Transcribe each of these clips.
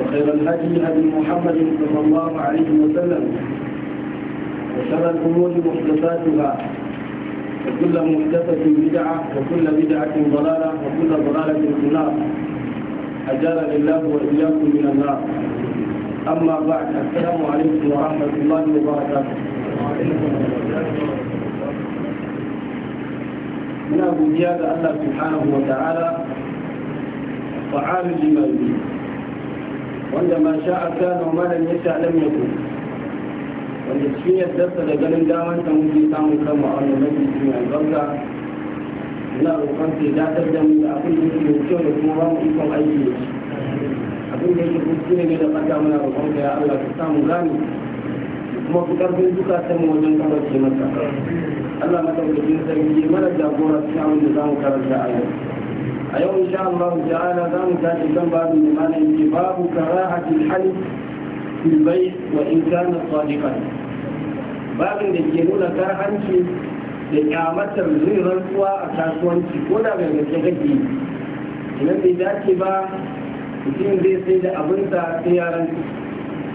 وخير الهدي هدي محمد صلى الله عليه وسلم وشر الأمور محدثاتها وكل محدثة بدعة وكل بدعة ضلالة وكل ضلالة في النار أجار لله وإياكم من النار أما بعد السلام عليكم ورحمة الله وبركاته من أبو زيادة الله سبحانه وتعالى وعامل لما يريد wanda ma sha'a kana wa malam ya sha lam ku. wanda cikin yardarsa da ganin daman ta muke samun kanmu a wannan mafi mai albarka ina roƙon sai datar da mu da abin da yake mai kyau da kuma ba mu ikon aiki da shi abin da yake kuskure ne da fata muna roƙon ka ya Allah ka samu gani kuma ku ƙarfin ta mu wajen kamarce masa Allah madaukakin sarki mana jagora cikin abin da za mu karanta a yau a yau insha Allah ta'ala za mu tashi kan babu limana yake babu karahatul halif fil bayt wa in kana sadiqan babin da ke nuna karhanci da kyamatar zai rantsuwa a kasuwanci ko da bai gaske kake idan bai dace ba mutum zai sai da abin abinsa sai ya rantsu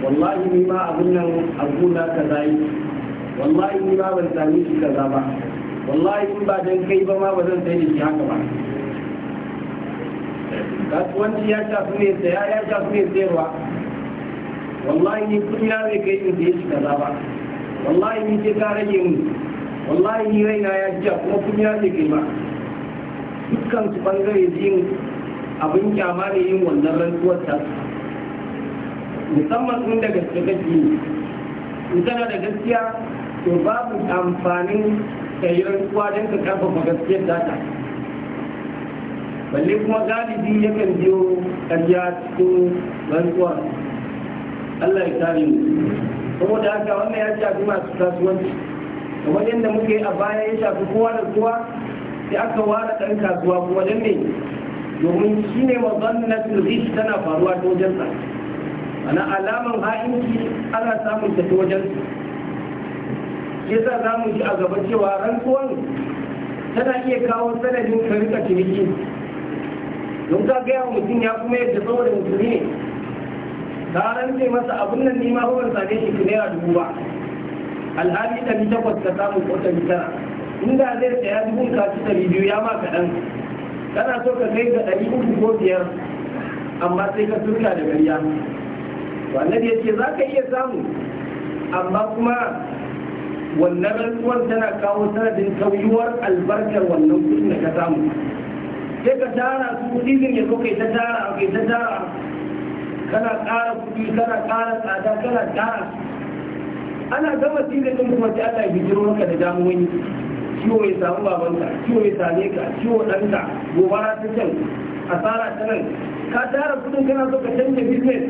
wallahi ni ma abin nan abuna kaza yi wallahi ni ma ban sami shi kaza ba wallahi in ba dan kai ba ma ba zan sai da shi haka ba kasuwanci ya shafi ne saya ya shafi ne sayarwa wallahi ni kudi na zai kai in da ya shiga kaza wallahi ni sai ka rage mu wallahi ni raina ya jiya kuma kudi na zai kai ba dukkan su bangare jin abin kyama ne yin wannan rantsuwar ta musamman sun da gaske kake yi in tana da gaskiya to babu amfanin kayi rantsuwa don ka karfafa gaskiyar data balle kuma galibi yakan biyo ƙarya cikin rantsuwa Allah ya kare mu saboda haka wannan ya shafi masu kasuwanci kamar yadda muka yi a baya ya shafi kowa da kowa sai aka ware ɗan kasuwa kuma don me domin shi ne na rish tana faruwa ta wajen sa ana alaman ha'inci ana samun ta ta wajen sa za mu ji a gaba cewa rantsuwan tana iya kawo sanadin karika ciniki don ka gaya mutum ya kuma yadda saboda musulmi ne ka rance masa abun nan nima ba ban sane shi naira dubu ba alhali ɗari takwas ka samu ko ɗari tara inda zai saya dubun ka ɗari biyu ya ma kaɗan kana so ka kai ga ɗari uku ko biyar amma sai ka turka da gariya Wannan ya ce za ka iya samu amma kuma wannan rantsuwar tana kawo sanadin tauyuwar albarkar wannan kuɗin da ka samu sai ka tara su izin ya zo kai ta tara kai ta tara kana ƙara kuɗi kana ƙara tsada kana tara ana gama tilin ɗin kuma sai Allah ya bijiro maka da damuwoyi ciwo ya samu babanka ciwo ya same ka ciwo ɗanka gobara ta can asara ta nan ka tara kudin kana so ka canja business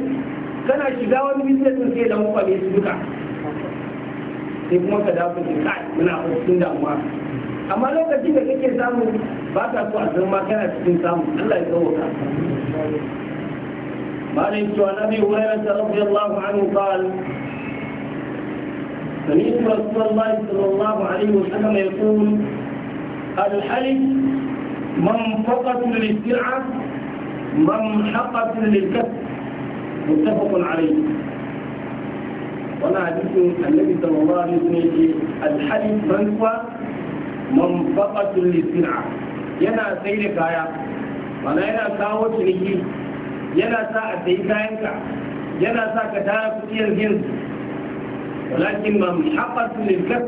kana shiga wani business ɗin sai da mai su duka sai kuma ka dawo ne kai muna hukun damuwa amma lokacin da kake samun ba ta so a san ma kana cikin samu Allah ya tsawo ka مالك عن ابي هريره رضي الله عنه قال سمعت رسول الله صلى الله عليه وسلم يقول الحلف منفقه للسرعة ممحقه للكسب متفق عليه وانا حديث النبي صلى الله عليه وسلم الحلف منفقه منفقه للسعه yana sai da kaya mana yana kawo ciniki yana sa a sayi kayanka yana sa ka tara kuɗiyar yanzu. walakin ma haɓasu lilkas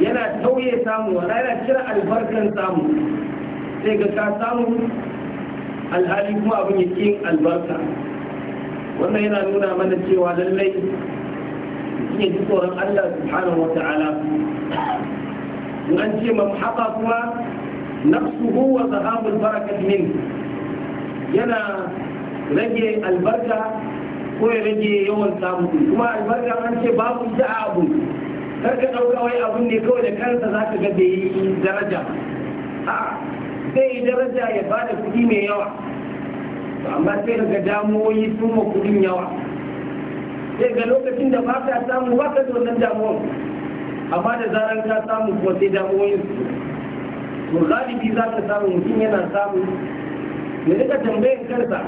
yana tauye samu wala yana cire albarkan samu sai ga ka samu alhali kuma abin ya ƙin albarka wannan yana nuna mana cewa lallai ya ji tsoron Allah subhanahu wa ta'ala an ce ma kuma nafsuhu wa zahabul barakat min yana rage albarka ko ya rage yawan samu kuma albarka an ce babu ita a abu kar ka ɗauka wai abun ne kawai da kansa za ka ga da yi daraja a zai yi daraja ya ba da kuɗi mai yawa amma sai daga damuwoyi sun ma kuɗin yawa sai ga lokacin da ba ka samu ba ka da wannan damuwar amma da zaran ka samu kuma sai damuwoyin su to galibi za ka samu mutum yana samu ya daga tambayar kansa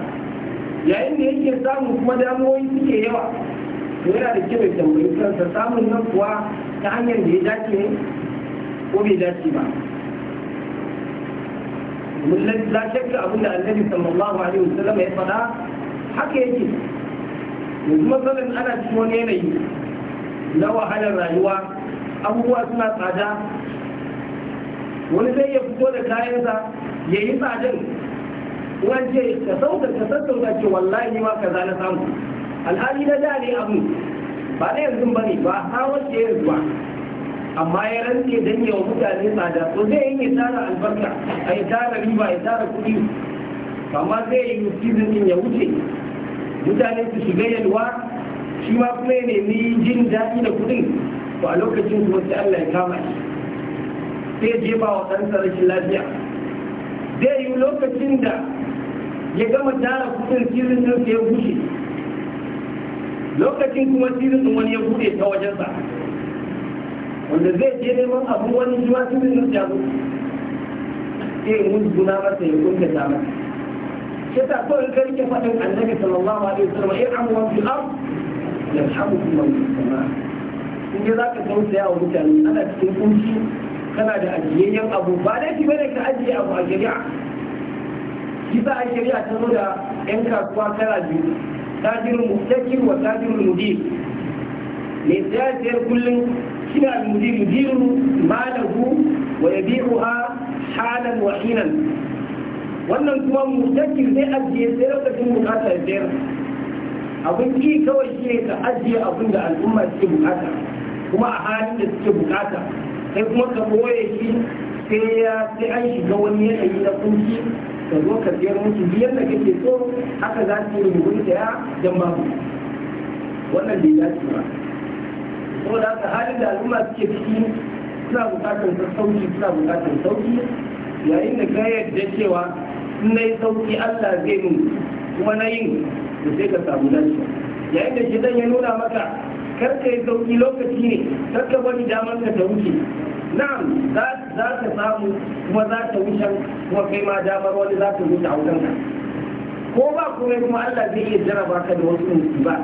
yayin da yake samu kuma damuwoyi suke yawa to yana da kyau ya tambayi kansa samun nan kuwa ta hanyar da ya dace ne ko bai dace ba domin la shakka abin da annabi sallallahu alaihi wasallam ya faɗa haka yake yanzu matsalar ana cikin wani yanayi na wahalar rayuwa abubuwa suna tsada wani zai iya fito da kayansa ya yi tsadan ce ka sauka ka sassauta ce wallahi ma kaza na samu alhali na da ne abu ba na yanzu ba ne ba a wacce ya zuwa amma ya rantse don wa mutane tsada ko zai yi ya tara albarka a ya tara riba ya tara kuɗi amma zai yi season din ya wuce mutane su shiga yalwa shi ma kuma ya nemi jin daɗi da kuɗin to a lokacin kuma sai Allah ya kama shi sai jefa wa ɗansa rashin lafiya zai yi lokacin da ya gama tara kudin filin ɗin ya bushe lokacin kuma filin ɗin wani ya bude ta wajensa wanda zai je neman abu wani shi ma filin ɗin ya zo sai mun guna masa ya kunta ta masa shi ta kawai ka rike faɗin annabi sallallahu alaihi wasallam ya amu wa fil ard yarhamukum man fis sama in za ka tausaya wa mutane ana cikin kunci kana da ajiyayyen abu ba laifi bane ka ajiye abu a shari'a kisa a shari'a ta zo da yan kasuwa kala biyu tajirul muftakir wa tajirul mudir mai tsayar kullum kina al-mudir yudiru malahu wa ha halan wa hinan wannan kuma muftakir zai ajiye sai lokacin bukatar sayar abin ki kawai shi ne ka ajiye abin da al'umma suke bukata kuma a halin da suke bukata sai kuma ka boye shi sai ya sai an shiga wani yanayi na kunci ka zo ka biyar musu biyar da kake so haka za su yi mugun saya don babu wannan bai dace ba saboda haka halin da al'umma suke ciki suna bukatar sauki suna bukatar sauki yayin da ka yarda cewa in na yi sauki Allah zai mun kuma na yin da sai ka samu lafiya yayin da shi ya nuna maka kar ka yi sauki lokaci ne kar ka bari damar ka ta wuce na'am za ka samu kuma za ta wuce kuma kai ma damar wani za ta wuce a wutan ka ko ba kuma kuma Allah zai iya jaraba ka da wasu musiba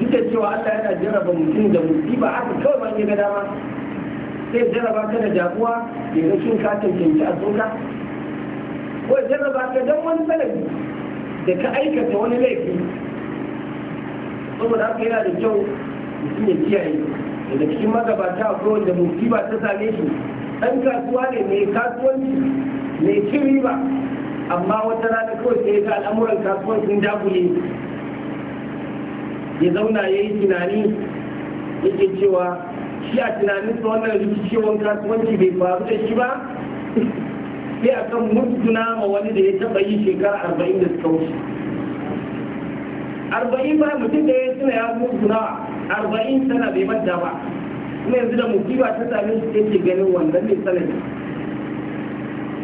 duk da cewa Allah yana jaraba mutum da musiba haka kawai ban ya ga dama sai jaraba ka da jabuwa ya ga shin ka tantance a tsoka ko jaraba ka don wani sanadi da ka aikata wani laifi saboda haka yana da kyau mutum ya kiyaye daga cikin magabata akwai da musiba ta same shi ɗan kasuwa ne mai kasuwanci mai cin riba amma wata rana kawai sai ga al'amuran kasuwanci sun dagule ya zauna ya yi tunani yake cewa shi a tunanin sa wannan rikicewan kasuwanci bai faru da shi ba sai akan mutuna ma wani da ya taɓa yi shekara arba'in da suka wuce arba'in ba mutum da ya tuna ya mutu nawa arba'in tana bai manta ba kuma yanzu da musiba ta same shi yake ganin wannan ne sanadi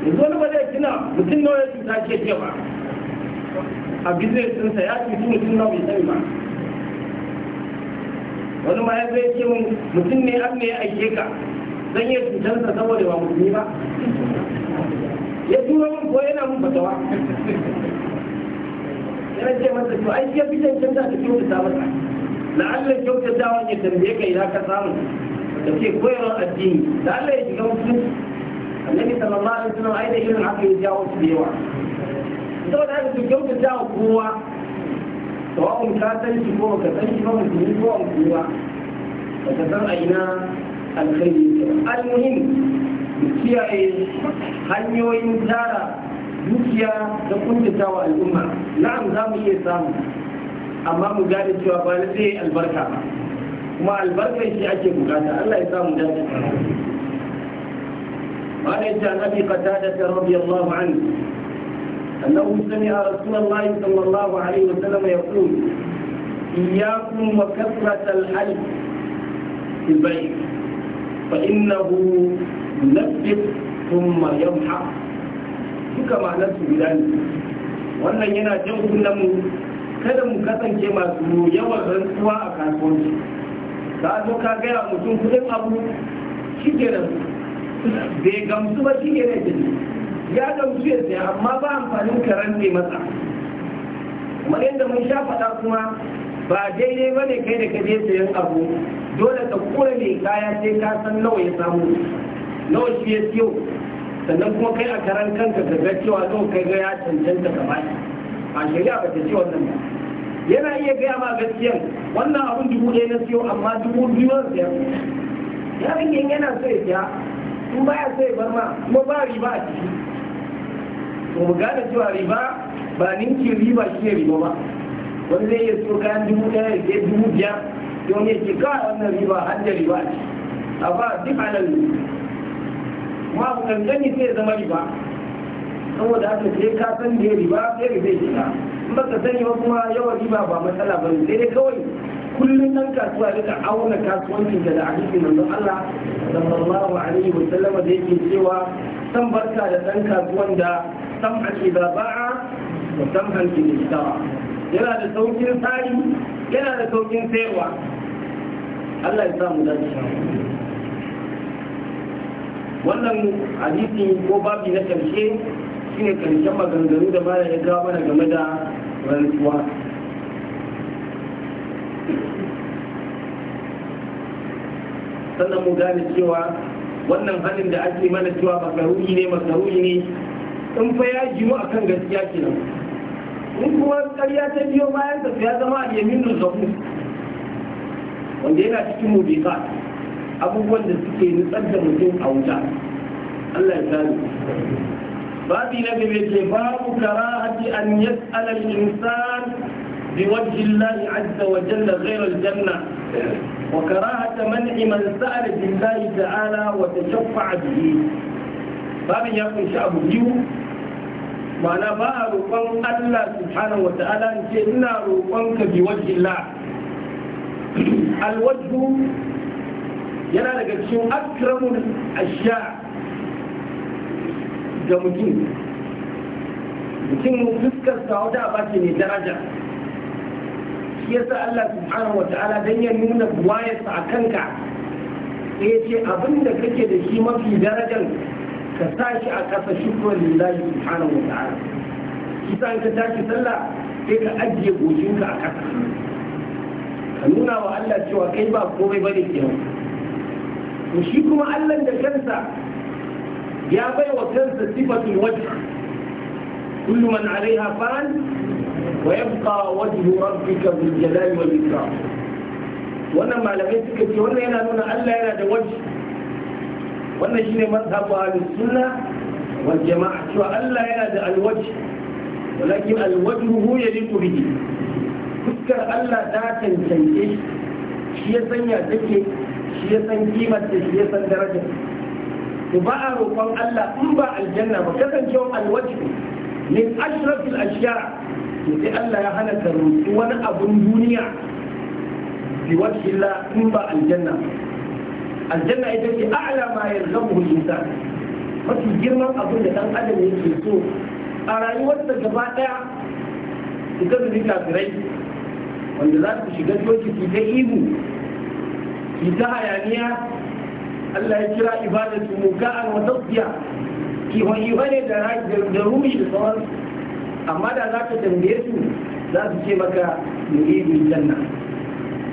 yanzu wani ba zai tuna mutum nawa ya cuta ce ke ba a business ɗinsa ya cuci mutum nawa bai sani ba wani ma ya zai ce mun mutum ne an ne ya aike ka zan iya cutarsa saboda ba mutum ba ya tura mun ko yana mun fatawa sai ce masa to ai ya fitan can da kyautata ya la'alla kyautatawa ne tambaye ka ina ka samu da ke koyarwar addini da Allah ya shiga musulunci annabi sallallahu alaihi wasallam ai da irin haka ya jawo su da yawa saboda haka su kyautatawa kowa sawa'un ka san shi ko ka san shi ba musulmi ko musulmi ba ka san a ina alkhairi al-muhim kiyaye hanyoyin tara dukiya da kuntata wa al'umma na'am za mu iya samu amma mu gane cewa ba na sai albarka ba kuma albarkar shi ake bukata Allah ya samu dace ba ne قال عن ابي قتاده رضي الله عنه انه سمع رسول الله صلى الله عليه وسلم يقول اياكم وكثره الحلف في البيت فانه ينفق ثم يمحق duka ma'anar su gida ne wannan yana jan kunnen kada mu kasance masu yawan rantsuwa a kasuwanci ka zo ka gaya mutum kudin abu shi ke su bai gamsu ba shi ke nan ya gamsu ya saya amma ba amfanin karen ne masa kuma yadda mun sha faɗa kuma ba daidai ba ne kai da kaje sayan abu dole ka kura ne kaya sai ka san nawa ya samu nawa shi ya siyo sannan kuma kai a karan kanka ka ga cewa zo kai ga ya cancanta ka bashi a shari'a ba ta ce wannan ba yana iya gaya ma gaskiyan wannan abin dubu ɗaya na siyo amma dubu biyu na siya yarinyan yana so ya siya in baya so ya bar ma kuma ba riba a ciki to mu gane cewa riba ba ninki riba shi ne riba ba wani zai iya so kayan dubu ɗaya ya dubu biyar yau ne ke kawai wannan riba har da riba ce a ba duk alal ma ku kankani sai ya zama riba saboda haka sai ka san da riba sai ya zai shiga in ka sani ba kuma yawan riba ba matsala ba sai dai kawai kullum dan kasuwa duka auna kasuwancin da hadisin manzon Allah sallallahu alaihi wa sallam da yake cewa san barka da dan kasuwan da san ake da ba'a da san hanki da shitawa yana da saukin tsari yana da saukin sayarwa Allah ya samu dace wannan hadisi ko babi na karshe shine karshen maganganu da baya ya kawo mana game da rantsuwa sannan mu gane cewa wannan hannun da ake mana cewa makaruri ne makaruri ne in fa ya jiwu a kan gaskiya kenan in kuma karya ta biyo bayan ta ya zama a yamin zahu wanda yana cikin mubika abubuwan da suke nutsar da mutum a wuta Allah ya kare babi na gaba ce babu karahati an yas'ala al-insan bi wajhi Allah azza wa jalla ghayra al-janna wa karahata man'i man sa'ala billahi ta'ala wa tashaffa'a bihi babin ya kunshi abu biyu ma'ana ba a roƙon Allah subhanahu wa ta'ala ce ina roƙonka bi wajhi Allah alwajhu yana daga cikin akramun ashiya ga mutum mutum fuskarsa wata abace mai daraja shi yasa Allah subhanahu wa ta'ala dan ya nuna buwayarsa a kanka ya ce abin da kake da shi mafi darajar ka sa shi a ƙasa, shukran lillahi subhanahu wa ta'ala kisa sa ka tashi sallah sai ka ajiye goshinka a ƙasa. ka nuna wa Allah cewa kai ba komai bane kenan to shi kuma Allah da kansa ya bai wa kansa sifatul wajh kullu man alaiha fan wa yabqa wajhu rabbika bil jalali wal ikram wannan malamai suka ce wannan yana nuna Allah yana da wajh wannan shine mazhabu ahlus sunna wal jama'a cewa Allah yana da alwajh walakin alwajhu hu yaliqu bihi fuskar Allah ta cancance shi ya sanya take shi ya san kimar da shi ya san darajar to ba a roƙon Allah in ba aljanna ba kasancewa alwaji min ashrafil ashiya to sai Allah ya hana ta roƙi wani abun duniya bi wajhi la in ba aljanna aljanna ita ce a'la ma yarzabu al mafi girman abun da dan adam yake so a rayuwarsa gaba daya su ga kafirai wanda za su shiga coci su ta ihu ita hayaniya Allah ya kira ibadatu muka'an wa tasbiya kiwon bane da da ruhi da sauran amma da za ka tambaye su za su ce maka nuridu janna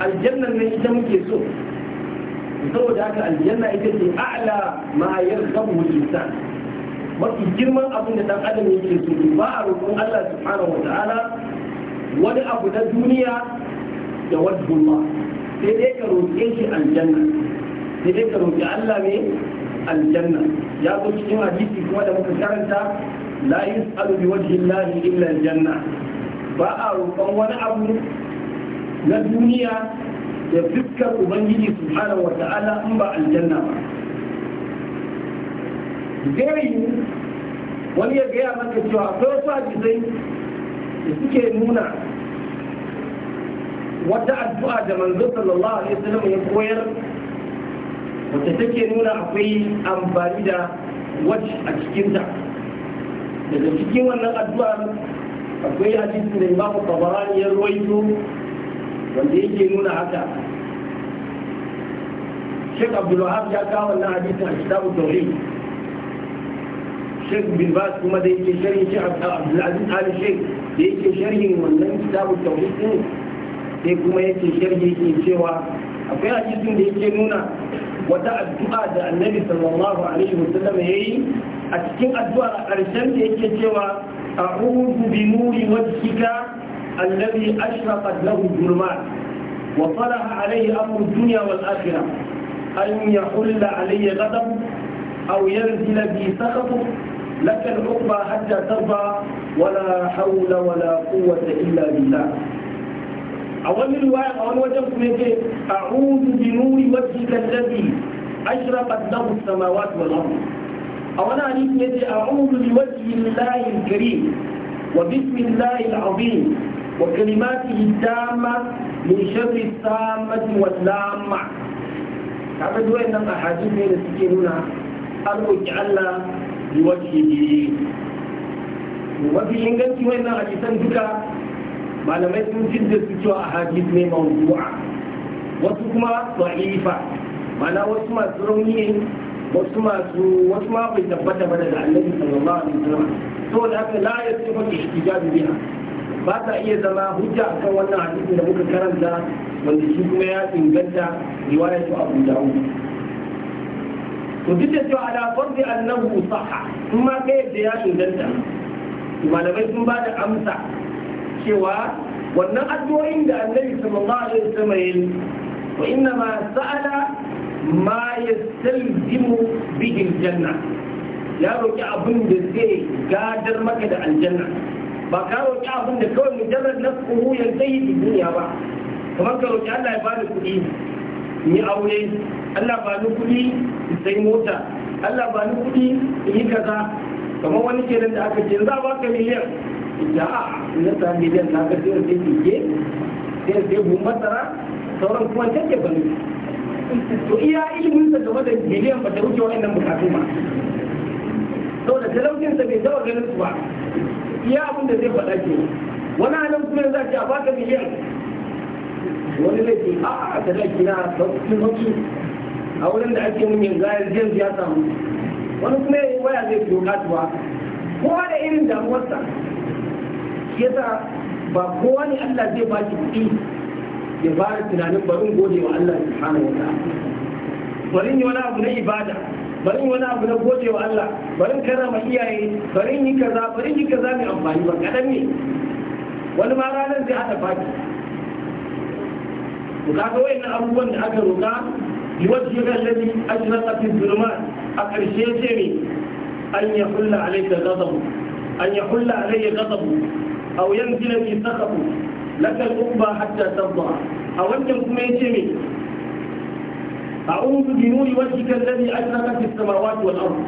aljannan ne ita muke so saboda haka aljanna ita ce a'la ma yarghabu al-insan mafi girman abin da dan adam yake so ba a roƙon Allah subhanahu wa ta'ala wani abu na duniya da wadda sai dai ka roƙe shi aljanna sai dai ka roƙi Allah ne aljanna ya zo cikin hadisi kuma da muka karanta la yus'alu bi wajhi Allah illa aljanna ba a roƙon wani abu na duniya da fuskar ubangiji subhanahu wa ta'ala in ba aljanna ba zai wani ya gaya maka cewa akwai wasu hadisai da suke nuna wata addu'a da manzo sallallahu alaihi wasallam ya koyar wacce take nuna akwai amfani da wacce a cikinta daga cikin wannan addu'ar akwai hadisi da imam tabarani ya ruwaito wanda yake nuna haka Sheikh Abdul Wahab ya kawo wannan hadisi a kitabu tauhid Sheikh bin Bas kuma da yake sharhi Sheikh Abdul Aziz Ali Sheikh da yake sharhin wannan kitabu tauhid din sai kuma yake sharhi yake cewa akwai hadisin da yake nuna wata addu'a da annabi sallallahu alaihi wasallam yayi a cikin addu'a a ƙarshen da yake cewa a'udhu bi nuri wajhika alladhi ashraqat lahu dhulumat wa salaha alayhi amru dunya wal akhirah an yahulla alayya ghadab aw yanzila bi sakhatuk لك العقبى حتى ترضى ولا حول ولا قوة إلا بالله أول رواية أول وجه كنت إيه؟ أعوذ بنور وجهك الذي أشرقت له السماوات والأرض أولا أني إيه؟ كنت أعوذ بوجه الله الكريم وبسم الله العظيم وكلماته التامة من شر السامة واللامة تعبدوا أن الأحاديث من السكين هنا أرجو اجعلنا بوجهه وفي إنجلتي وإن الأحاديث malamai sun jidda su cewa a hadis ne mawuduwa wasu kuma da'ifa mana wasu masu rauni ne wasu masu wasu ma bai tabbata ba daga annabi sallallahu alaihi wasallam da haka la ya ce maka ihtijabi biha ba ta iya zama hujja akan wannan hadisi da muka karanta wanda shi kuma ya inganta riwayar su Abu Dawud to duk da cewa ala fardi annahu sahha kuma kai da ya inganta malamai sun ba da amsa cewa wannan addu'o'in da annabi sallallahu alaihi wasallam yayi wa inna ma sa'ala ma yastalzimu bihi Janna. ya roki abin da zai gadar maka da aljanna ba ka roki abin da kawai mujarrad ya yantahi bi duniya ba kamar ka roki Allah ya bani kuɗi yi aure Allah ba ni kuɗi sai mota Allah ba ni kuɗi in yi kaza kamar wani kenan da aka ce za ba ka miliyan ja na samu miliyan na ga sai sai kike sai sai bu masara sauran kuma take bane to iya ilimin sa game da miliyan ba ta wuce wa'annan bukatu ba saboda talaucin sa bai zama ganin su ba iya abin da zai faɗa ke wani halin kuma za ki a baka miliyan wani laifi a a da zaki na sauƙin sauƙi a wurin da ake mun yanzu ya jin ya samu wani kuma ya yi waya zai fi katuwa kowa da irin damuwarsa yasa ba kowa ne Allah zai ba ki kuɗi ya fara tunanin barin gode wa Allah subhanahu wa ta'ala barin yi wani abu na ibada barin wani abu na gode wa Allah barin ma iyaye barin yi kaza barin yi kaza mai amfani ba kaɗan ne wani ma ranar zai haɗa baki to kaga wayannan abubuwan da aka roƙa liwajhika alladhi ashraqa fi dhulumat a ƙarshe ce ne an yahulla alayka ghadab an yahulla alayya ghadab أو ينزل في سخط لك الأقبى حتى ترضى أو أنت كما أعوذ بنور وجهك الذي في السماوات والأرض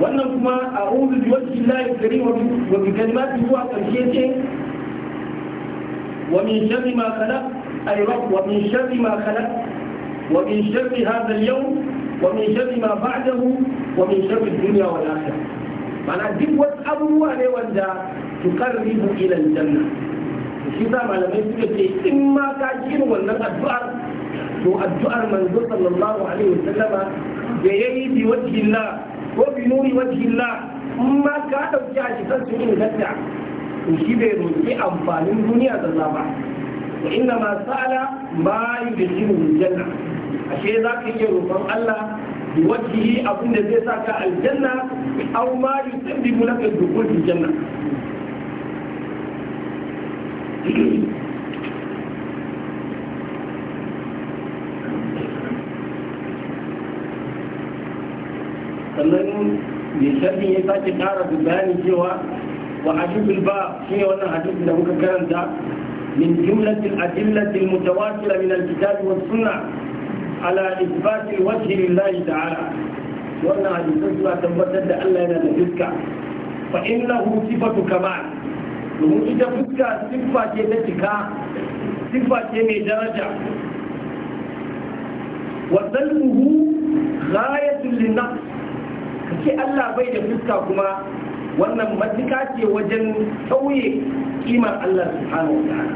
وأنا كما أعوذ بوجه الله الكريم وبكلماته هو كالشيء ومن شر ما خلق أي رب ومن شر ما خلق ومن شر هذا اليوم ومن شر ما بعده ومن شر الدنيا والآخرة معناها دي وات أبوه عليه وانجا tuqarribu ila aljanna shi za malamai suka ce in ma ka ji wannan addu'ar to addu'ar manzo sallallahu alaihi wasallama da yayi bi wajhillah ko bi nuri wajhillah in ma ka dauki a cikin su inganta to shi bai roki amfanin duniya zalla ba wa inna ma sa'ala ma yudkhilu aljanna ashe za ka iya roƙon Allah bi abin abinda zai saka aljanna aw ma yusabbibu laka dukhul aljanna sannan lissafi ya sake kara bayanin cewa wa ba shi ne wannan hadisi da muka karanta min jumlatil adillatil mutawatira min alkitabi was sunna ala isbatil wajhi lillahi ta'ala wannan hadisin suna tabbatar da Allah yana da fiska fa innahu sifatu kamal domin ita fuska siffa ce ta cika siffa ce mai daraja wasalmuhu ghayatul linnas kace Allah bai da fuska kuma wannan matuka ce wajen tauye kimar Allah subhanahu wa ta'ala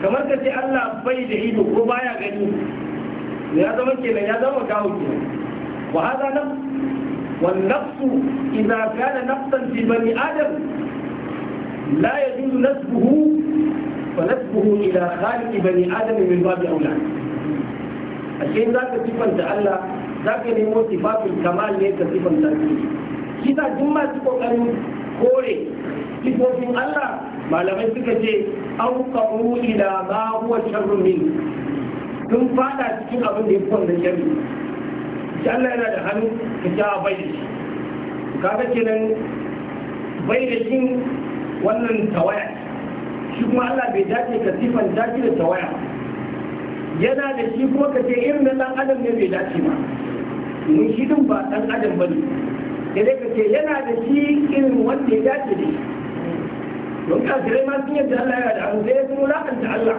kamar ka ce Allah bai da ido ko baya gani ya zama kenan ya zama kawo kenan wa hada nafs wal nafsu idza kana nafsan fi bani adam لا يجوز نسبه فنسبه إلى خالق بني آدم من باب أولى الشيء ذاك صفة الله ذاك نمو صفات الكمال ليس صفة تنسيب kisa duk masu kokarin kore sifofin Allah malamai suka ce an kawo ila ma huwa sharrun min sun fada cikin abin da ya fi wannan sharri shi Allah yana da hannu ka a bai da shi kaga kenan bai da shi wannan tawaya shi kuma Allah bai dace ka sifanta shi da tawaya yana da shi kuma ka ce irin na ɗan adam ne bai dace ba mun shi din ba ɗan adam ba ne sai ka ce yana da shi irin wanda ya dace ne shi don kafirai ma sun yadda Allah ya da abu sai sun wulakanta Allah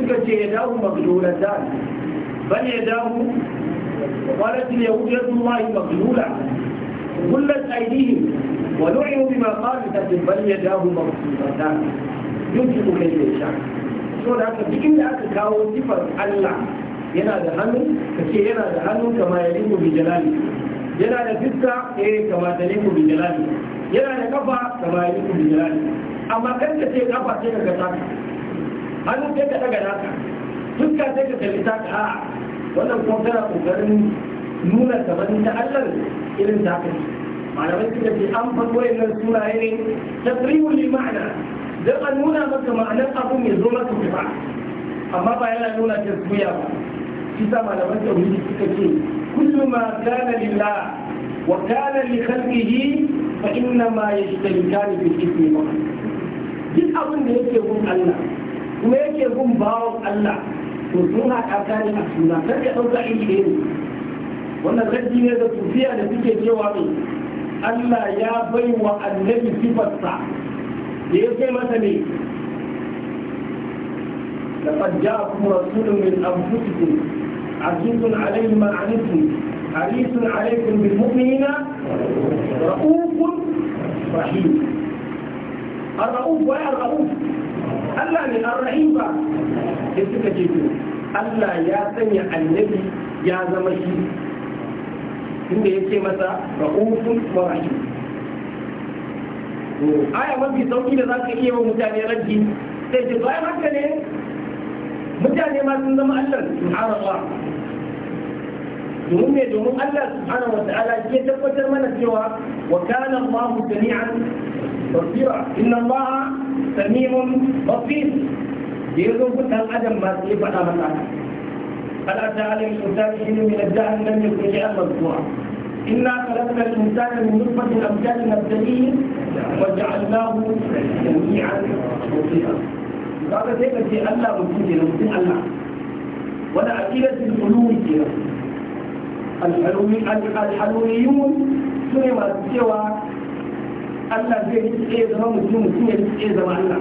suka ce ya dawo maglula ta bal ya dawo qalat al yahud yadu allahi maglula kullat aydihim ولعنوا بما قالوا لكن بل يداه مبسوطتان يمسك كيف يشاء so da cikin da aka kawo sifar Allah yana da hannu kace yana da hannu kama ya liku jalali yana da fiska kama ta liku jalali yana da kafa kama ya liku jalali amma kan ka ce kafa sai ka ga taka hannu sai ka daga naka fuska sai ka kalli taka a wannan kuma tana kokarin nuna kamar ta Allah irin taka ne على ركبة الأنفة وإن السماعين تطريب للمعنى ذلك نونا بك معنى قبل يزولة قطع أما بأينا نونا تسمية كتاب على ركبة الكتاب كل ما كان لله وكان لخلقه فإنما يشتركان في الكتاب جد أبن يكيبون الله كما يكيبون باو الله وصنع أكاني أسونا كيف أبن يكيبون wannan rajin ne da tufiya da suke cewa mai Allah يا bai wa annabi sifarsa da ya kai لقد جاءكم رسول من انفسكم عزيز عليه ما عنتم حريص عليكم بالمؤمنين رؤوف رحيم الرؤوف ويا الرؤوف الا من الرحيم بقى كيف تجدون الا يا سمع النبي يا زمشي tunda ya ce masa ra'ufun wa rahim to aya mafi sauki da ka iya wa mutane raddi sai ce bayan haka ne mutane ma sun zama Allah subhanallah domin ne domin Allah subhanahu wa ta'ala ke tabbatar mana cewa wa kana Allahu sami'an basira inna Allaha sami'un basir da yazo kun dan adam ma sai faɗa masa فلا تعلم على الإنسان حين من الدهر لم يكن شيئا مذكورا إنا خلقنا الإنسان من نطفة أمثال نبتليه وجعلناه جميعا بصيرا هذا زي ما في الله ممكن ممكن الله ولا عقيدة الحلول كده الحلوليون سلم سوى الله زي إيه زمان مسلم سنة إيه زمان الله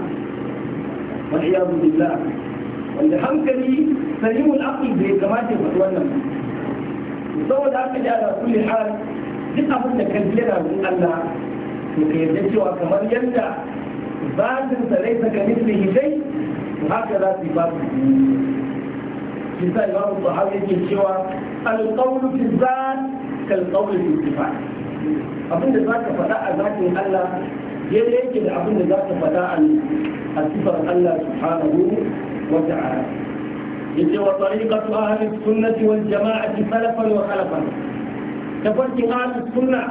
والعياذ بالله wanda hankali salimul aqli bai kamata ya wannan saboda haka da ala kulli hal duk abin da kan jira wurin Allah to ka yarda cewa kamar yadda zatin sa laisa ka mislihi shay haka za su yi ba su yi. kisa imamu sahabi yake cewa alqawlu fi zat kal qawlu fi ittifaq abin da za ka faɗa a zatin Allah daidai yake da abin da za ka faɗa a sifar Allah subhanahu وتعالى إذ وطريقة أهل السنة والجماعة سلفا وخلفا تفرق أهل السنة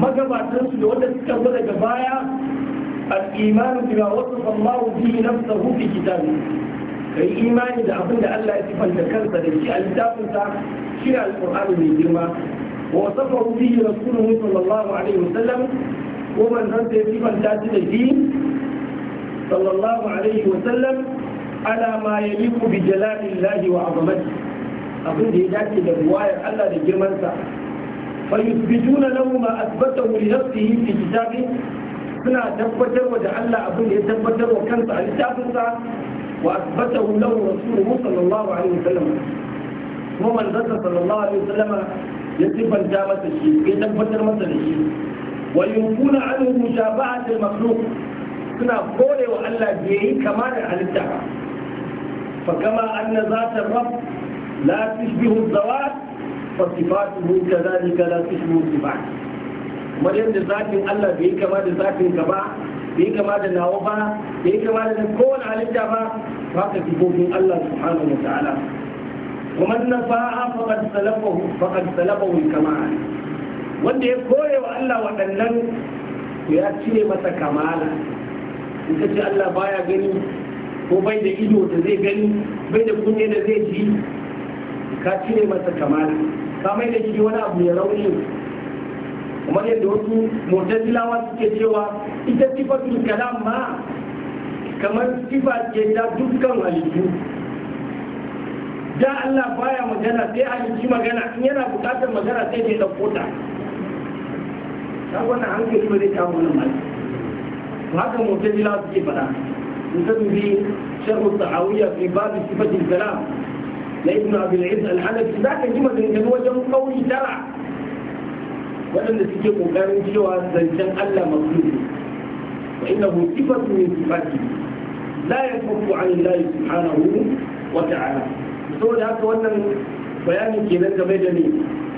ما جمع تنسل ولا تتكبر جبايا الإيمان بما وصف الله به نفسه في كتابه أي إيمان إذا أقول الله يتفى الذكر بذلك الكتاب شرع القرآن من الجرمى ووصفه به رسوله صلى الله عليه وسلم ومن رد يتفى الذات الدين صلى الله عليه وسلم ala ma yaliku bi jalalillahi wa azamati abin da ya dace da ruwayar Allah da girmansa fa yuthbituna lahu ma athbatahu li nafsihi fi kitabi suna tabbatarwa da Allah abin da ya tabbatar wa kansa a littafinsa wa athbatahu lahu rasuluhu sallallahu alaihi wasallam kuma manzon sallallahu alaihi wasallam ya sifanta masa shi ya tabbatar masa da shi wa yunkuna anhu mushabahati al-makhluq suna kore wa Allah bai yi kama da halitta فكما أن ذات الرب لا تشبه الذوات فصفاته كذلك لا تشبه الصفات kamar yadda zafin Allah bai kama da zafin ka ba bai kama da nawa ba bai kama da kowane halitta ba Allah ومن نفاها فقد سلبه فقد سلبه الكمال wanda ya koya wa Allah waɗannan ya cire masa kamala in ka ce Allah baya gani ko bai da ido da zai gani bai da kunne da zai ji ka cire masa kamar ka mai da shi wani abu ya rauni kamar yadda wasu mutazilawa suke cewa ita sifatul kalam ma kamar sifa ke da dukkan halittu da Allah baya magana sai halittu magana in yana bukatar magana sai ya dauko ta ta wannan hankali ba zai kawo wannan mali haka mutazilawa suke faɗa نسمي شرح الطحاوية في باب صفة الكلام لابن أبي العز الحنفي ذاك جمع كان وجه قوي شرع وأن سكي قرن شوى زنشان ألا مخلوق فإنه صفة من صفاته لا ينفك عن الله سبحانه وتعالى saboda haka wannan bayanin kenan game da ni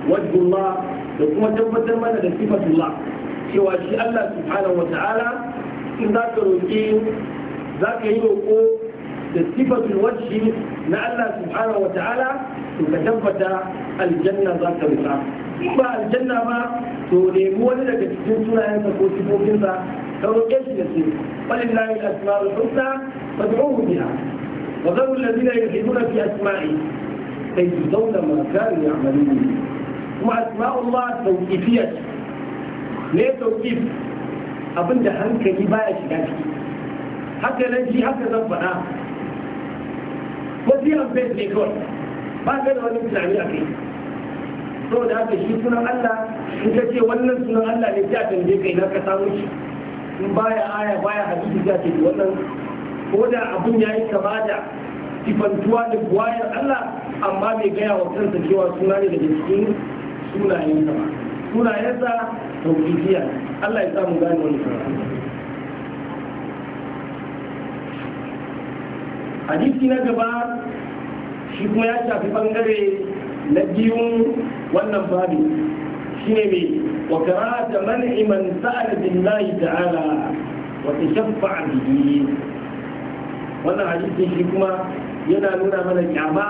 wajhullah da kuma tabbatar mana da sifatullah cewa shi Allah subhanahu wa ta'ala in za ka roƙi za ka yi roƙo da sifatul wajhi na Allah subhanahu wa ta'ala to ka tabbata aljanna za ka rusa ba aljanna ba to nemi wani daga cikin sunayensa ko sifofinsa ka roƙe shi da su walillahi al-asma'ul husna fad'uhu biha wa dharu alladhina yulhiduna fi asma'i kai su zauna ma kanu ne. kuma asma'ullah tawqifiyya ne tawqif abinda hankali baya shiga ciki haka nan shi haka zan faɗa ko shi an ne kawai ba ka da wani tunani a kai da haka shi sunan Allah in ka ce wannan sunan Allah ne ta tambaye kai na ka samu shi in baya aya baya hadisi ya ce wannan ko da abun ya yayi kama da sifantuwa da buwayar Allah amma bai gaya wa kansa cewa suna ne daga cikin sunayensa ba sunayensa tauhidiyya Allah ya samu gane wannan hadisi na gaba shi kuma ya shafi bangare na biyun wannan babi shine mai wa da man'i man sa'ala billahi ta'ala wa a bihi wannan hadisi shi kuma yana nuna mana kyama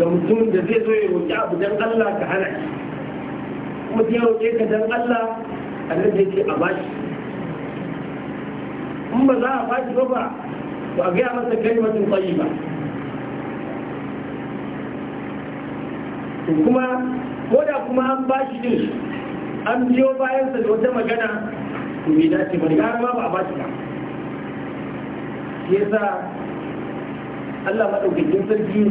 ga mutum da zai zo ya roƙi abu dan Allah ka hana shi kuma zai roƙe ka dan Allah Allah zai ce a bashi in ba za a bashi ba ba to a gaya masa kalimatun tayyiba to kuma ko da kuma an ba shi an biyo bayansa da wata magana to bai dace ba gara ba a ba ba shi yasa Allah madaukakin sarki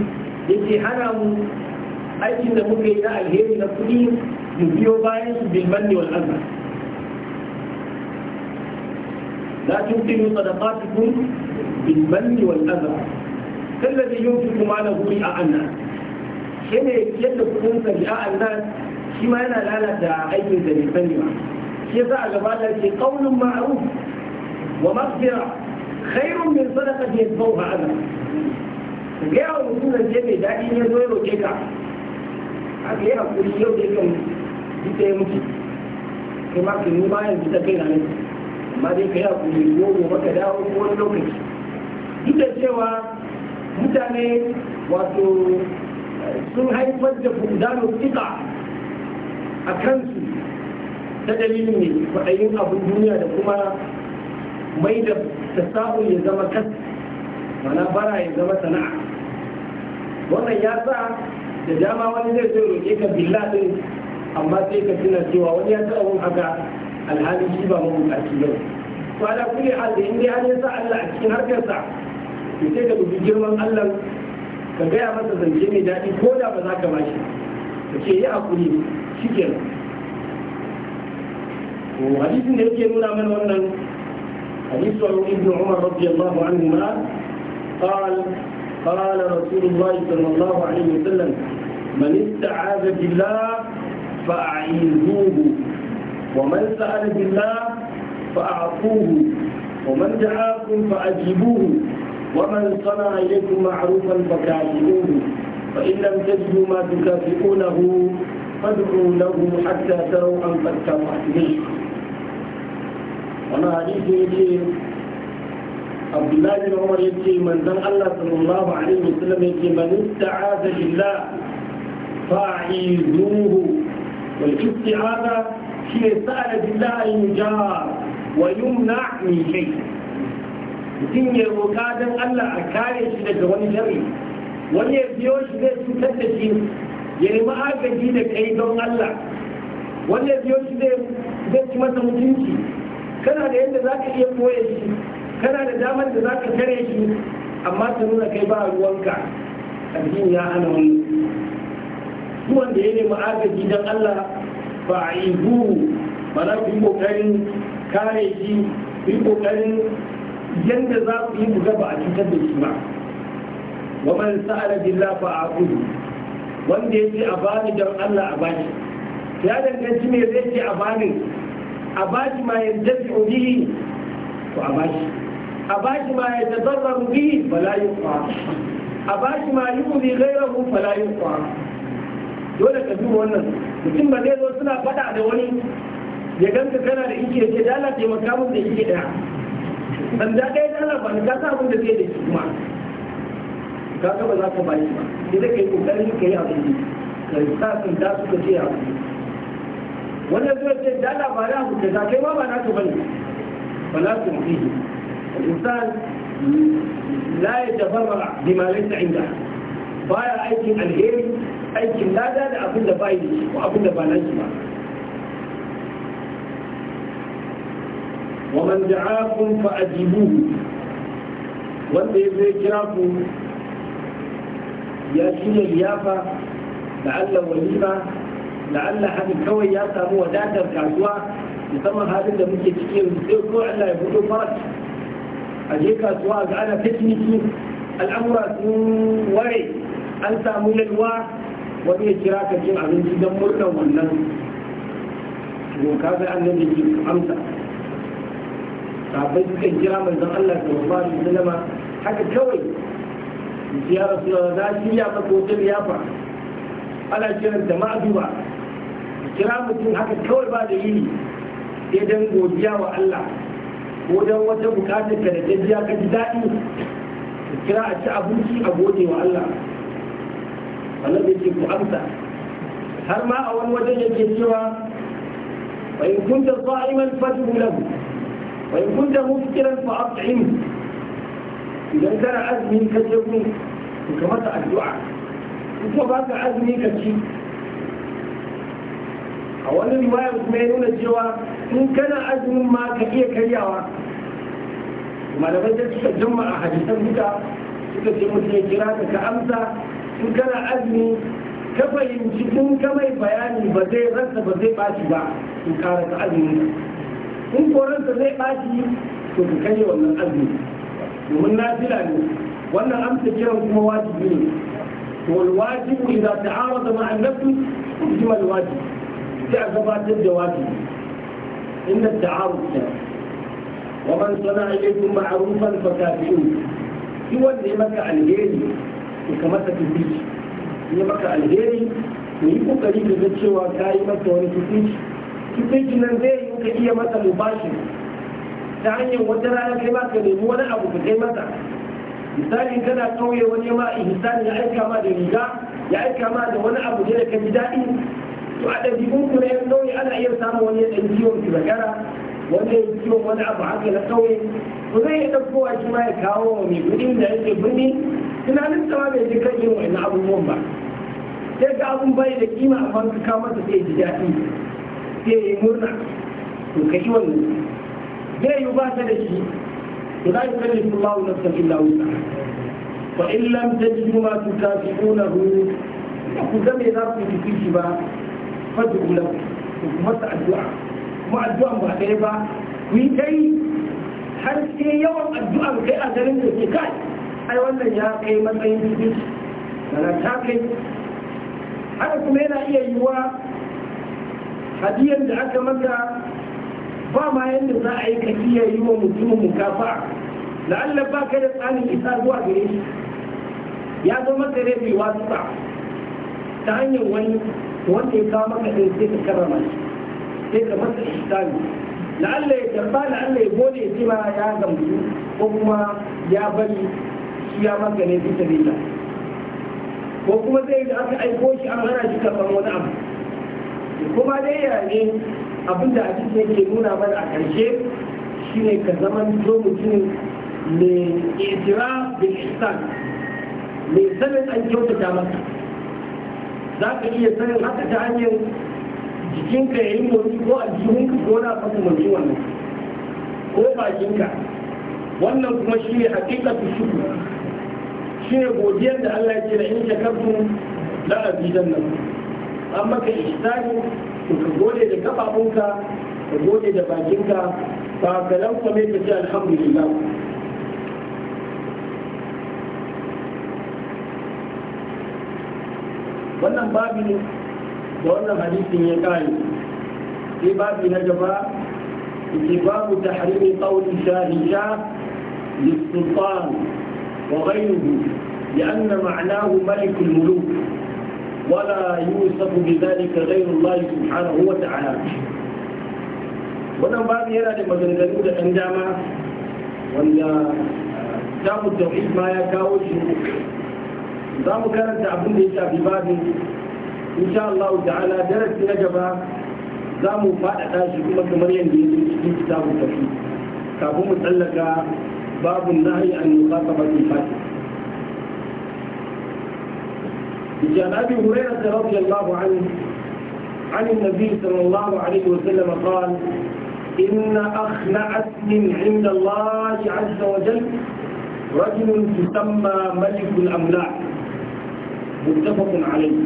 yake hana mu aikin da muke yi na alheri na kuɗi mu biyo bayan su bilman ne wal azza la tuntilu sadaqatukum بالمن والأذى كالذي ينفق ماله رئاء الناس شنو yadda kudinsa ri'a annas shi ma yana lalata aikin da bai sani ba shi yasa a gaba da ce qaulun ma'ruf wa maghfira khairun min sadaqati yatbawha adam ga yawa mutum da ce mai daɗi ne zo ya roke ka a ga yawa kuri yau da yakan ji ta yi mutu kai ma ka nima yanzu ta kai na nan amma dai ka yi hakuri yau gobe ka dawo ko wani lokaci duk da cewa mutane wato eh, sun haifar da fudano tsika a kansu ta dalilin ne kwaɗayin abin duniya da kuma mai da tasawun ya zama kas mana bara ya zama sana'a wannan ya sa da dama wani zai zai roƙe ka billa amma sai ka tuna cewa wani ya taɓa mun haka alhali shi ba mabukaci ba to ala hal da in ya sa Allah a cikin harkarsa to sai ka dubi girman Allah ka gaya masa zance mai daɗi ko da ba za ka ba shi ka ce yi hakuri shi ke hadisin da yake nuna mana wannan hadisu a wani ibn umar radiyallahu anhu ma قال قال رسول الله صلى الله عليه وسلم من استعاذ بالله فأعيذوه ومن سأل بالله فأعطوه ومن دعاكم فأجيبوه ومن صنع إليكم معروفا فكافئوه فإن لم تجدوا ما تكافئونه فادعوا له حتى تروا أن قد كافأتموه وأنا حديث يجي عبد الله بن عمر يجي من ذن الله صلى الله عليه وسلم يجي من استعاذ بالله فاعيذوه والاستعاذة هي سأل بالله أن يجار ويمنع من شيء mutum ya roƙa don Allah a kare shi daga wani sharri wani ya biyo shi zai cutar da shi ya nemi agaji da kai don Allah wani ya biyo shi zai ci masa mutunci kana da yadda za ka iya koya shi kana da damar da za ka kare shi amma ta nuna kai ba ruwanka addini ya hana wani Su wanda ya nemi agaji don Allah ba a yi ba za ku yi ƙoƙarin kare shi ku yi ƙoƙarin yadda za ku yi mu gaba a cutar da shi ba wa man sa'ala billah fa aqulu wanda yake a bani dan Allah a bani ya danganci me zai ce a bani a baki ma yantafi'u bihi ko a baki a baki ma yatadarraru bihi fala yuqa a baki ma yuzi ghayrahu fala yuqa dole ka duba wannan mutum ba zai zo suna fada da wani ya ganka kana da ike ce dala taimaka mun da ike daya ban da kai da Allah ba ka sa abin da zai da kuma ka ga ba za ka bayi ba idan da kai kokari kai abin da ka sa kan da su ka ce abin wannan zai ce da Allah ba na hukunta ta kai ma ba na ka bane ba na ku fi insan la ya tafarra bima laysa inda baya aikin alheri aikin lada da abin da bai da shi ko abin da ba na shi ba wa man da'akum fa ajibuhu wanda ya zai kira ku ya shirya liyafa la'alla walima la'alla haka kawai ya samu wadatar kasuwa musamman halin da muke cikin sai ko Allah ya fito farat a je kasuwa ga ana tekniki al'amura sun ware an samu yalwa wani ya kira ka cin abinci don murnar wannan to kaga annabi ki amsa sahabbai suka kira zan Allah da sallallahu alaihi wasallam haka kawai ziyara ya rasulullah na shirya maka wata liyafa ana kiran da ma'aduba kira mutum haka kawai ba da yini sai dan godiya wa Allah ko dan wata bukatar ka da ta biya ka ji daɗi kira a ci abinci a gode wa Allah Allah bai ke ku amsa har ma a wani wajen yake cewa wa in kunta sa'iman fatu lahu وإن كنت مفكرا فأطعم إذا كان عزمي كتبني وكما الدعاء kuma ba azumi ka a wani riwaya kuma ya nuna cewa in kana azumin ma ka iya karyawa malamai da suka jimma a hadisan duka suka ce mutum ya kira ka ka amsa in kana azumi ka fahimci in ka mai bayani ba zai rasa ba zai baci ba in kara ka azumi in koransa zai ɓaci to ku kashe wannan azumi domin na fila ne wannan amsa kiran kuma wajibi ne to wajibu idan ta'arada ma'a nafsi kuma wajibi sai a gabatar da wajibi inda ta'arud kenan ومن صنع إليكم معروفا فكافئوه في wanda ya maka alheri to ka masa tufici ya maka alheri to yi kokari ka cewa ka yi masa wani tufici cikin nan zai yi ka iya masa lubashin ta hanyar wata rana kai ma ka nemi wani abu ka kai masa misali kana kauye wani ma ihsani ya aika ma da riga ya aika ma da wani abu da ka ji daɗi to a ɗabi'un ku na yan kauye ana iya samun wani ɗan kiwon ki zakara wani ya kiwon wani abu haka na kauye ku zai iya ɗaukowa shi ma ya kawo wa mai birni da yake birni tunanin ma bai ji kan irin wa'annan abubuwan ba sai ga abun bai da kima a fanka kawo masa sai ji daɗi sai ya yi murna to ka yi wannan zai yi ba ta da shi to za ka kalli kuma wa nafsa illa wuta fa in lam tajidu ma tukafi'unahu ku ga me za ku yi shi ba fadu lahu ku kuma ta addu'a kuma addu'a ba ɗaya ba ku yi kai har sai yawan addu'a kai a garin da ke kai ai wannan ya kai matsayin cikin kana ta kai haka kuma yana iya yiwuwa hadiyar da aka maka ba ma yadda za a yi ka iya yi wa mutumin mukafa Allah ba ka da tsarin isa zuwa gare shi ya zo maka rabi wasu ba ta hanyar wani wanda ya kawo maka ɗin sai ka karrama shi sai ka masa ihsani la'alla ya karba la'alla ya gode ya ce ya gamsu ko kuma ya bari shi ya maka ne bisa ko kuma zai da aka aiko shi an hana shi karɓar wani abu kuma dai yare abinda da cikin yake nuna mana a ƙarshe shine ka zama zo mutum mai itira da ihsan mai sanin an kyautata masa za ka iya sanin haka ta hanyar jikinka ya yi motsi ko aljihunka ko na fasa motsi wannan ko bakinka wannan kuma shi ne hakikatu shuku shi ne godiyar da Allah ya ce da in shakartum la nan an maka ihsani to ka gode da kafafunka ka gode da bakinka ba ka lamsa mai ka ce alhamdulillah wannan babi da wannan hadisin ya kare sai babi na gaba ke babu tahrimi qawli shahisha للسلطان وغيره لأن معناه ملك الملوك ولا يوصف بذلك غير الله سبحانه وتعالى wannan babu yana da maganganu da ɗan dama wanda samun tauhid ma ya kawo shi za mu karanta abin da ya shafi babin insha Allah ta'ala darasi na gaba za mu faɗaɗa shi kuma kamar yadda ya zo cikin kitabun tafi kafin mu tsallaka babu nahi an nufasa ba fati عن أبي هريرة رضي الله عنه عن النبي صلى الله عليه وسلم قال إن أخنع اسم عند الله عز وجل رجل تسمى ملك الأملاك متفق عليه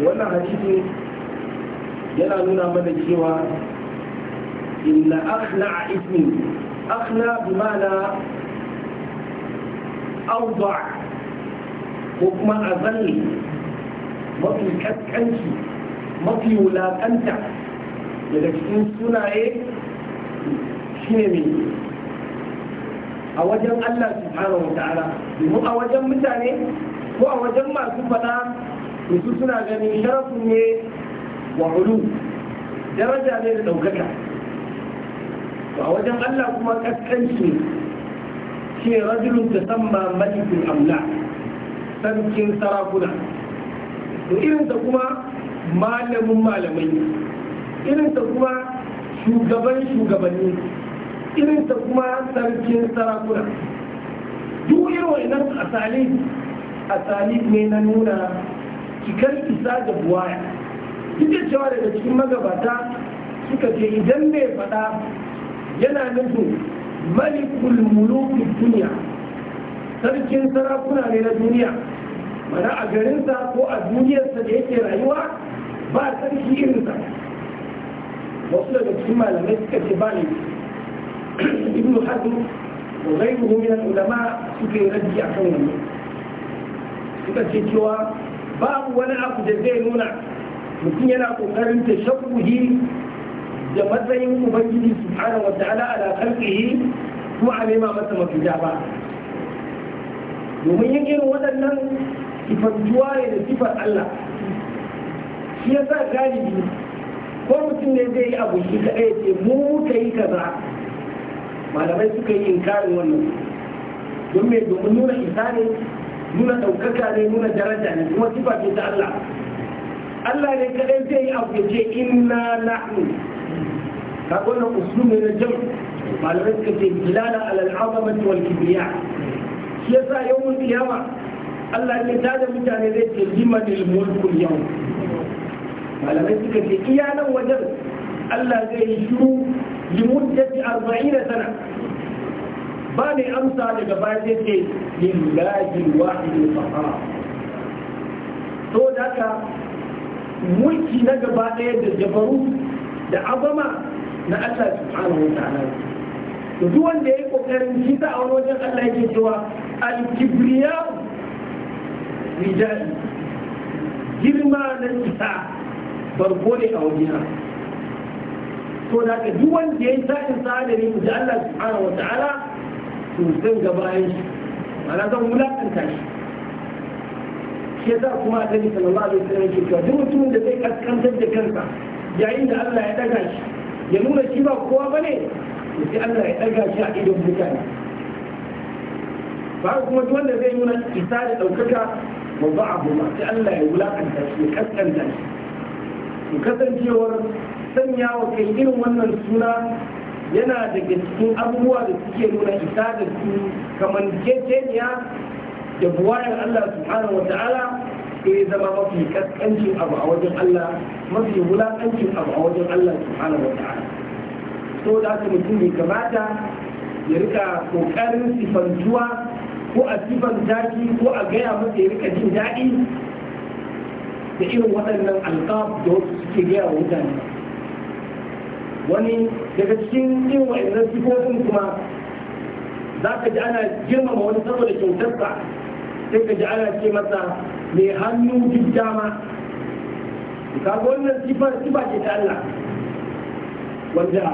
wannan hadisi yana nuna mana cewa inna akhna ismi akhna bi ma'ana auda ko kuma a azal mafi kaskanci mafi wulaƙanta daga cikin sunaye shine mai a wajen Allah subhanahu wa ta'ala domin a wajen mutane ko a wajen masu fada su suna ganin sharafu ne wa hudu daraja ne da ɗaukaka a wajen Allah kuma kaskanci ne shi rajulun ta samma malikin amla sarkin sarakuna to irinsa kuma malamin malamai irinsa kuma shugaban shugabanni irinsa kuma sarkin sarakuna duk irin wannan a asalin ne na nuna cikar isa da buwaya duk da cewa daga cikin magabata suka ce idan bai faɗa yana nufin malikul muluki duniya sarkin sarakuna ne na duniya mana a garinsa ko a duniyarsa da yake rayuwa ba sarki irinsa wasu daga cikin malamai suka ce ba ne ibn hazm wa ghayruhu min al-ulama suka yi a akan wannan suka ce cewa babu wani abu da zai nuna mutum yana kokarin tashabbuhi da matsayin ubangiji subhanahu wa ta'ala ala kalfihi ko a nema masa mafita ba domin yin irin waɗannan sifantuwa ne da sifar Allah shi ya sa galibi ko mutum ne zai yi abu shi ka ɗaya ce mu ta yi kaza malamai suka yi inkarin wannan don me domin nuna isa ne nuna ɗaukaka ne nuna daraja ne kuma sifar ce ta Allah Allah ne kaɗai zai yi abu ya ce inna na'u ka wannan uslub ne na jam malamai suka ce dilala ala al'azamati wal kibriya shi yasa yawmul qiyama Allah ya tada mutane zai ce limanil mulkul yau malamai suka ce iya nan wajen Allah zai yi shiru limuddati arba'ina sana ba amsa daga baya zai ce lillahi to da ka mulki na gaba ɗaya da jabaru da azama na Allah subhanahu wa ta'ala to duk wanda yayi kokarin shi ta a wajen Allah yake cewa al-kibriya Rijal, girma na isa barko ne a wajena to da ka duk wanda yayi sa'in sadari ne da Allah subhanahu wa ta'ala to zan ga bayan shi ana zan wulakanta shi shi za kuma a annabi sallallahu alaihi wasallam ke cewa duk mutumin da zai kaskantar da kansa yayin da Allah ya daga shi ya nuna shi ba kowa ba ne sai Allah ya ɗaga shi a idon mutane ba kuma duk wanda zai nuna isa da ɗaukaka wa ba abu ma sai Allah ya wulakanta shi ya kaskanta shi to kasancewar sanya wa kai irin wannan suna yana daga cikin abubuwa da suke nuna isa da su kamar kekeniya da buwayar Allah subhanahu wa ta'ala sai zama mafi kaskancin abu a wajen Allah mafi wulakancin abu a wajen Allah subhanahu wa ta'ala so da haka mutum bai kamata ya rika kokarin sifantuwa ko a sifan daji ko a gaya masa ya rika jin daɗi da irin waɗannan alƙaf da wasu suke gaya wa mutane wani daga cikin yin wa'annan sifofin kuma za ka ji ana girmama wani saboda kyautarsa sai ka ji ana ce masa mai hannu duk dama wannan sifar sifa ce ta Allah wanda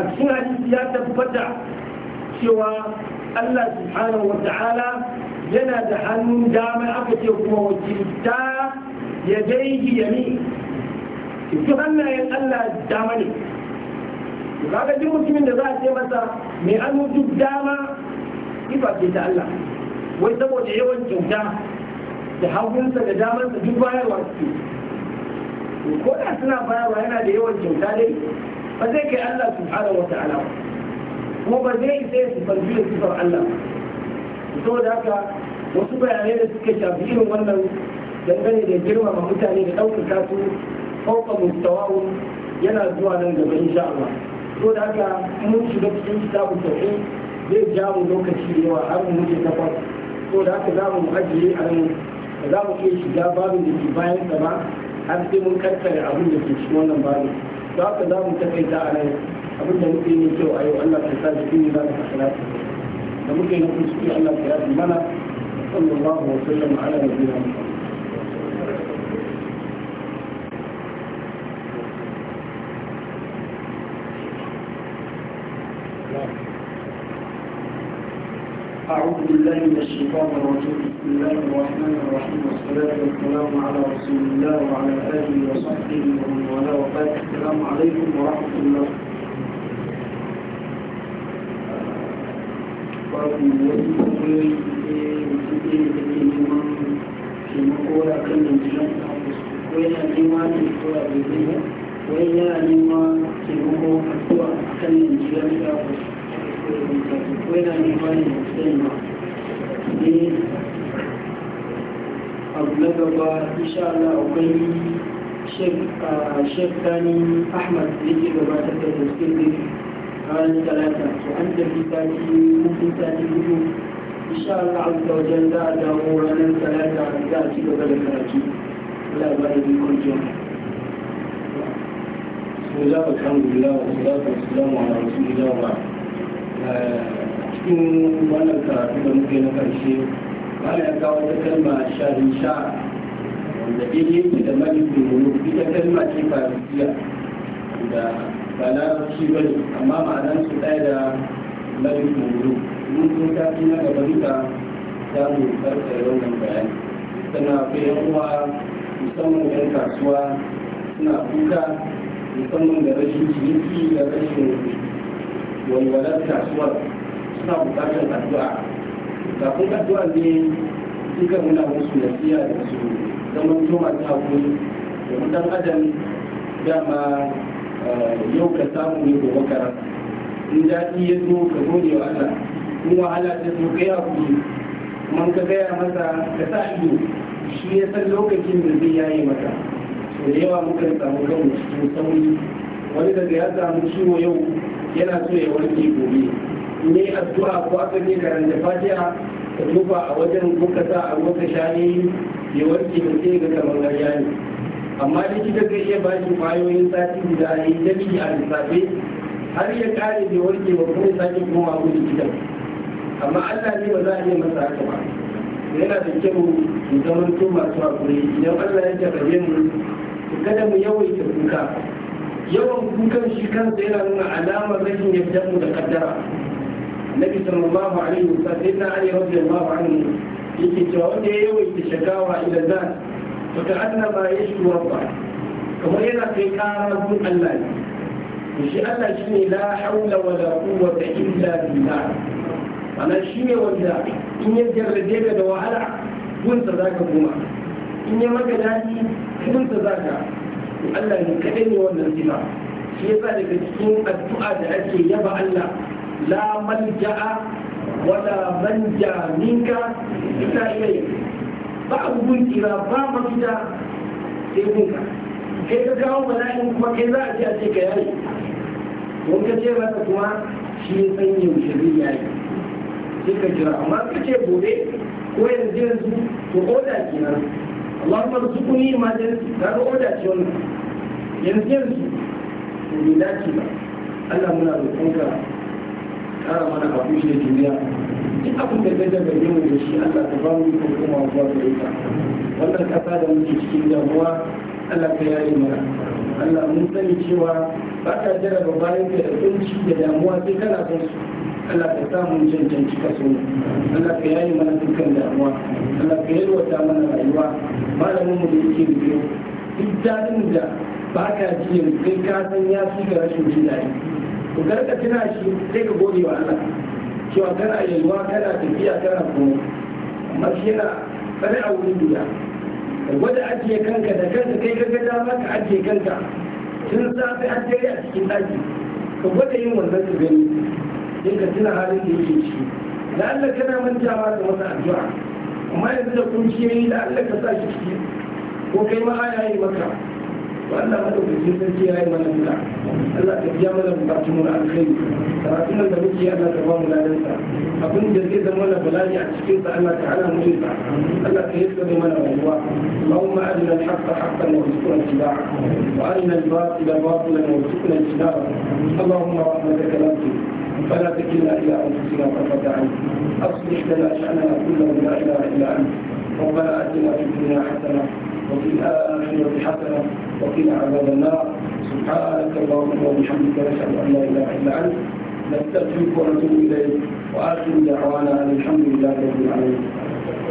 a cikin hadisi ya tabbata cewa Allah subhanahu wa ta'ala yana da hannun dama aka ce kuma wakilta ya daihi yami cikin hannayen Allah dama ne kaga duk mutumin da za a ce masa mai hannu duk dama sifa ce ta Allah wai saboda yawan kyauta da hagunsa da damarsa duk bayarwa suke ko da suna bayarwa yana da yawan kyauta dai ba zai kai Allah subhanahu wa ta'ala kuma ba zai isa ya sifanci da sifar Allah ba saboda haka wasu bayanai da suka shafi irin wannan dangane da girmama mutane da ɗaukaka su fauka mustawahum yana zuwa nan gaba insha Allah saboda haka mun shiga cikin kitabun tauhid zai ja mu lokaci da yawa har mu mutu takwas saboda haka za mu ajiye a nan ba za mu iya shiga babin da ke bayan sa ba har sai mun kattare abin da ke cikin wannan babin to haka za mu takaita a nan abin da muke yi kyau a yau Allah ta sa jiki ne za ta kasa da muke yi kuskure Allah ta yafi mana sallallahu alaihi wa sallam ala nabiyina Muhammad أعوذ بالله من الشيطان الرجيم بسم الله الرحمن الرحيم والصلاة والسلام على رسول الله وعلى آله وصحبه ومن والاه وبعد السلام عليكم ورحمة الله babu wasu hanyoyi da mutum ne da ke neman taimako da kan yanzu ko yana nema taimako a bai ba ko yana nema taimako a kan yanzu ko yana nema ne cewa insha Allah akwai shek sani ahmad da yake gabatar da tafsir ne ranar talata to an tafi sati hukun sati hudu insha Allah azza wa jalla za a dawo ranar talata za a ci gaba da karatu Allah ya ba da bikon jiya بسم الله والحمد لله والصلاة والسلام على رسول الله وبعد cikin wannan karatu da muke na karshe ana ya kawo ta kalma shahin sha da daidai su da malikin muluk ita kalma ce farisiya da ba shi ba ne amma ma'anar su ɗaya da malikin muluk mun sun tafi na gaba duka za mu karkare wannan bayani sannan akwai yan uwa musamman yan kasuwa suna kuka musamman da rashin ciniki da rashin walwalar kasuwa suna bukatar addu'a kafin addu'a ne duka muna musu nasiya da su zaman to masu da domin dan adam dama eh, yau ka samu ne ko makara rasa in daɗi ya zo ka gode wa Allah in wahala ta zo ka yi haƙuri kuma ka gaya masa ka sa ido shi ya san lokacin da zai yayi masa to da yawa muka samu kanmu cikin sauri wani daga ya samu ciwo yau yana so ya warke gobe in yi addu'a ko aka je karanta fatiha ka tufa a wajen ko ka sa a wata shayi shaye ya warke da sai ga kamar ƙarya ne amma likita zai iya ba shi kwayoyin sati guda a yi ta dabi a lissafe har ya kare da warke ba kuma sake koma ko likita amma Allah ne ba za a iya masa haka ba yana da kyau mu zama to masu hakuri idan Allah ya jarrabe mu kada mu yawaita kuka yawan kukan shi kansa yana nuna alamar rashin yardar mu da kaddara Nabi sallallahu alaihi wasallam sai na Ali radiyallahu anhu yake wanda ya yawaita shagawa ila zan to ta annaba ya shi rabba kamar yana kai kara gun Allah ne to shi Allah shine la haula wala quwwata illa billah ana shine wanda in ya jarrabe ka da wahala gunsa zaka kuma in ya maka daɗi gunsa zaka to Allah ne kadai ne wannan sifa shi yasa daga cikin addu'a da ake yaba Allah la malja'a wata manja ninka ita ilai ba abu kira ba mafita sai gunka kai ka kawo bala'in kuma kai za a ce a ce ka yayi don ka ce masa kuma shi ya san yau shirin yayi sai ka jira amma ka ce gobe ko yanzu yanzu to oda kenan su kuni ma jalisi ga oda ce wannan yanzu yanzu to bai dace ba Allah muna roƙonka kara mana haƙuri da juriya duk abin da gajar da yau da shi Allah ta ba mu ko kuma zuwa da ita wannan kasa da muke cikin damuwa Allah ka yaye mana Allah mun sani cewa ba ta jarraba bayan da kunci da damuwa sai kana son su Allah ka samu cancanci kaso Allah ka yaye mana dukkan damuwa Allah ka yalwata mana rayuwa malamin mu da yake biyo duk dadin da ba ka ji yanzu kai ka san ya fi ga rashin jin daɗi ku karka tuna shi sai ka gode wa Allah cewa kana yalwa kana tafiya kana komo. amma shi yana tsare a wurin duniya wanda ajiye kanka da kanka kai ka ga dama ka ajiye kanka tun safe an dare a cikin ɗaki ka gwada yin wannan ka gani sai ka tuna halin da yake ciki da Allah kana mantawa da wata addu'a amma yanzu da kunciyoyi da Allah ka sa shi ciki ko kai ma aya yi maka وأنا أقول في سنتي أمنا الله تبيا من المباتمون عن خير تراتنا لبكي أنا تبام لا ننسى أكون جزيزا ولا بلاني يعني عن شكيزة الله تعالى مجيزة الله من الله اللهم أرنا الحق حقا وارزقنا اتباعه وأرنا الباطل باطلا وارزقنا اجتنابه اللهم رحمتك لا فلا تكلنا إلى أنفسنا طرفة أصلح لنا شأننا كله لا إله إلا أنت ربنا آتنا في الدنيا حسنة وفي الآخرة حسنة وقنا عذاب النار سبحانك اللهم وبحمدك نشهد أن لا إله إلا أنت نستغفرك ونتوب إليك وآخر دعوانا الحمد لله رب العالمين